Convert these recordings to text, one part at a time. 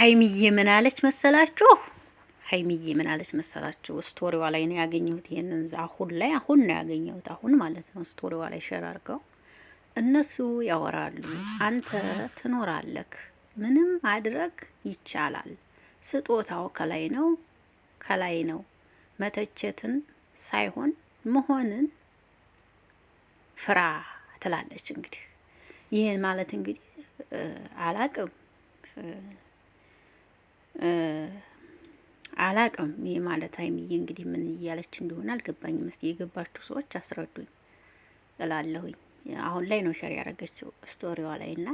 ሀይሚዬ ምን አለች መሰላችሁ? ሀይሚዬ ምን አለች መሰላችሁ? ስቶሪዋ ላይ ነው ያገኘሁት። ይህንን አሁን ላይ አሁን ነው ያገኘሁት። አሁን ማለት ነው ስቶሪዋ ላይ ሸር አድርገው እነሱ ያወራሉ። አንተ ትኖራለክ፣ ምንም ማድረግ ይቻላል። ስጦታው ከላይ ነው ከላይ ነው። መተቸትን ሳይሆን መሆንን ፍራ ትላለች። እንግዲህ ይህን ማለት እንግዲህ አላቅም አላቅም። ይህ ማለት ሀይሚዬ እንግዲህ ምን እያለች እንደሆነ አልገባኝም። እስኪ የገባችሁ ሰዎች አስረዱኝ እላለሁኝ። አሁን ላይ ነው ሸር ያደረገችው ስቶሪዋ ላይ እና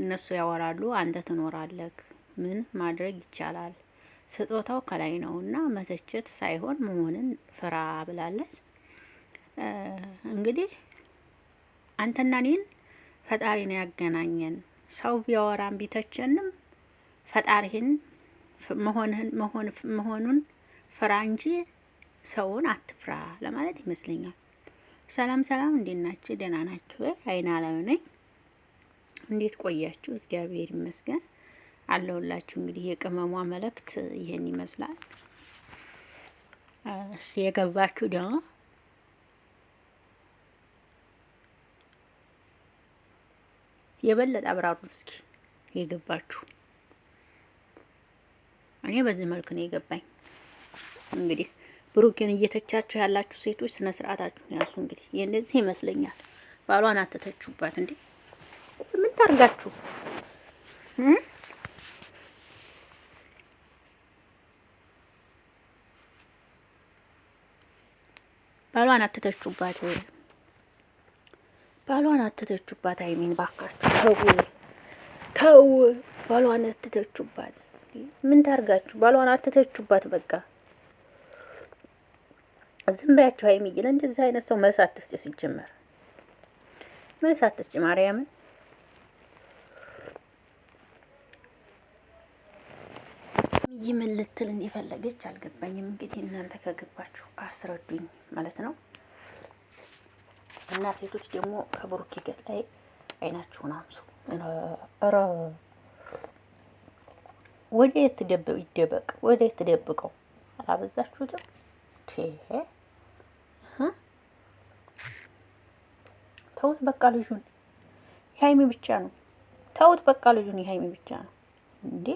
እነሱ ያወራሉ፣ አንተ ትኖራለህ። ምን ማድረግ ይቻላል? ስጦታው ከላይ ነው እና መተቸት ሳይሆን መሆንን ፍራ ብላለች። እንግዲህ አንተና እኔን ፈጣሪ ነው ያገናኘን ሰው ቢያወራን ቢተቸንም ፈጣሪህን መሆንህን መሆኑን ፍራ እንጂ ሰውን አትፍራ ለማለት ይመስለኛል። ሰላም ሰላም፣ እንዴት ናችሁ? ደህና ናችሁ? አይና ላይ ነኝ። እንዴት ቆያችሁ? እግዚአብሔር ይመስገን አለሁላችሁ። እንግዲህ የቅመሟ መልእክት ይህን ይመስላል። የገባችሁ ደግሞ የበለጠ አብራሩ እስኪ የገባችሁ። እኔ በዚህ መልኩ ነው የገባኝ። እንግዲህ ብሩኬን እየተቻችሁ ያላችሁ ሴቶች ስነ ስርዓታችሁን ያዙ። እንግዲህ የእነዚህ ይመስለኛል። ባሏን አተተችሁባት እንዴ? ምን ታርጋችሁ? ባሏን አተተችሁባት። ባሏን አትተቹባት። አይሚን ባካችሁ ተው ተው፣ ባሏን አትተቹባት። ምን ታርጋችሁ? ባሏን አትተቹባት። በቃ ዝም በያችሁ። ሀይሚዬ ለእንደዚህ አይነት ሰው መልስ አትስጭ። ሲጀመር መልስ አትስጭ ማርያምን ይህ ምን ልትል እንደፈለገች አልገባኝም። እንግዲህ እናንተ ከገባችሁ አስረዱኝ ማለት ነው። እና ሴቶች ደግሞ ከብሩኬ ገድ ላይ አይናችሁን አንሱ። ኧረ ወደ የት ይደበቅ? ወደ የት ደብቀው? አላበዛችሁትም? ተውት በቃ ልጁን። የሀይሚ ብቻ ነው። ተውት በቃ ልጁን። የሀይሚ ብቻ ነው እንዴ!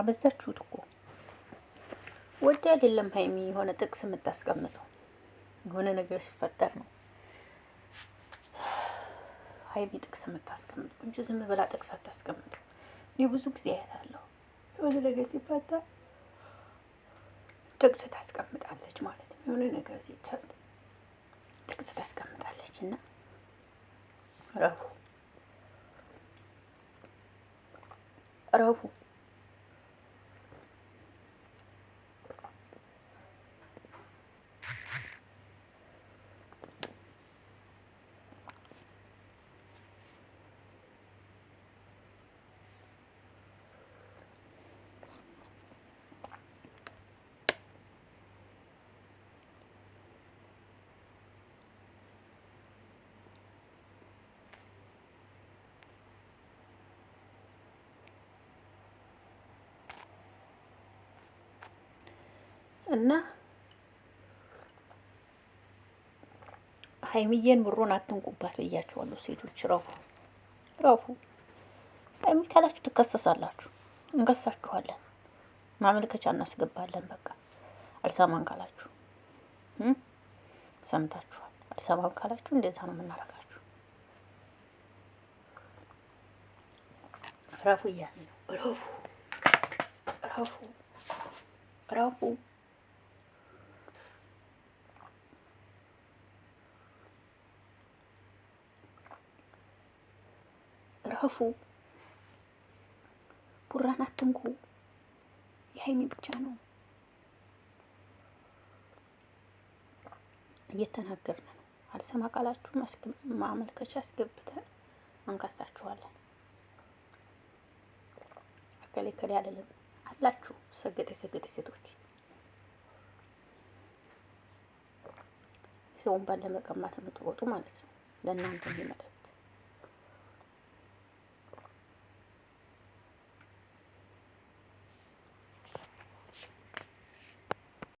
አበዛችሁት እኮ ወደ አይደለም ሀይሚ የሆነ ጥቅስ የምታስቀምጠው የሆነ ነገር ሲፈጠር ነው ሀይሚ ጥቅስ የምታስቀምጠው እንጂ ዝም ብላ ጥቅስ አታስቀምጠው። እኔ ብዙ ጊዜ አያታለሁ የሆነ ነገር ሲፈጠር ጥቅስ ታስቀምጣለች ማለት ነው። የሆነ ነገር ሲቻል ጥቅስ ታስቀምጣለች እና ረፉ ረፉ እና ሀይሚዬን ብሩን አትንቁባት ብያችኋለሁ። ሴቶች ረፉ ረፉ። ሀይሚ ካላችሁ ትከሰሳላችሁ፣ እንከሳችኋለን፣ ማመልከቻ እናስገባለን። በቃ አልሰማን ካላችሁ ሰምታችኋል፣ አልሰማን ካላችሁ እንደዛ ነው የምናረጋችሁ። ረፉ እያለ ነው። ረፉ ረፉ ረፉ ክፉ ቡራን አትንኩ። የሀይሚ ብቻ ነው እየተናገርን ነው። አልሰማ ቃላችሁ ማመልከቻ አስገብተን አንካሳችኋለን። አከሌ ከሌ አላችሁ ሰገጤ ሰገጤ ሴቶች ሰውን ባለመቀማት ለመቀማት ማለት ነው። ለእናንተ የሚመደ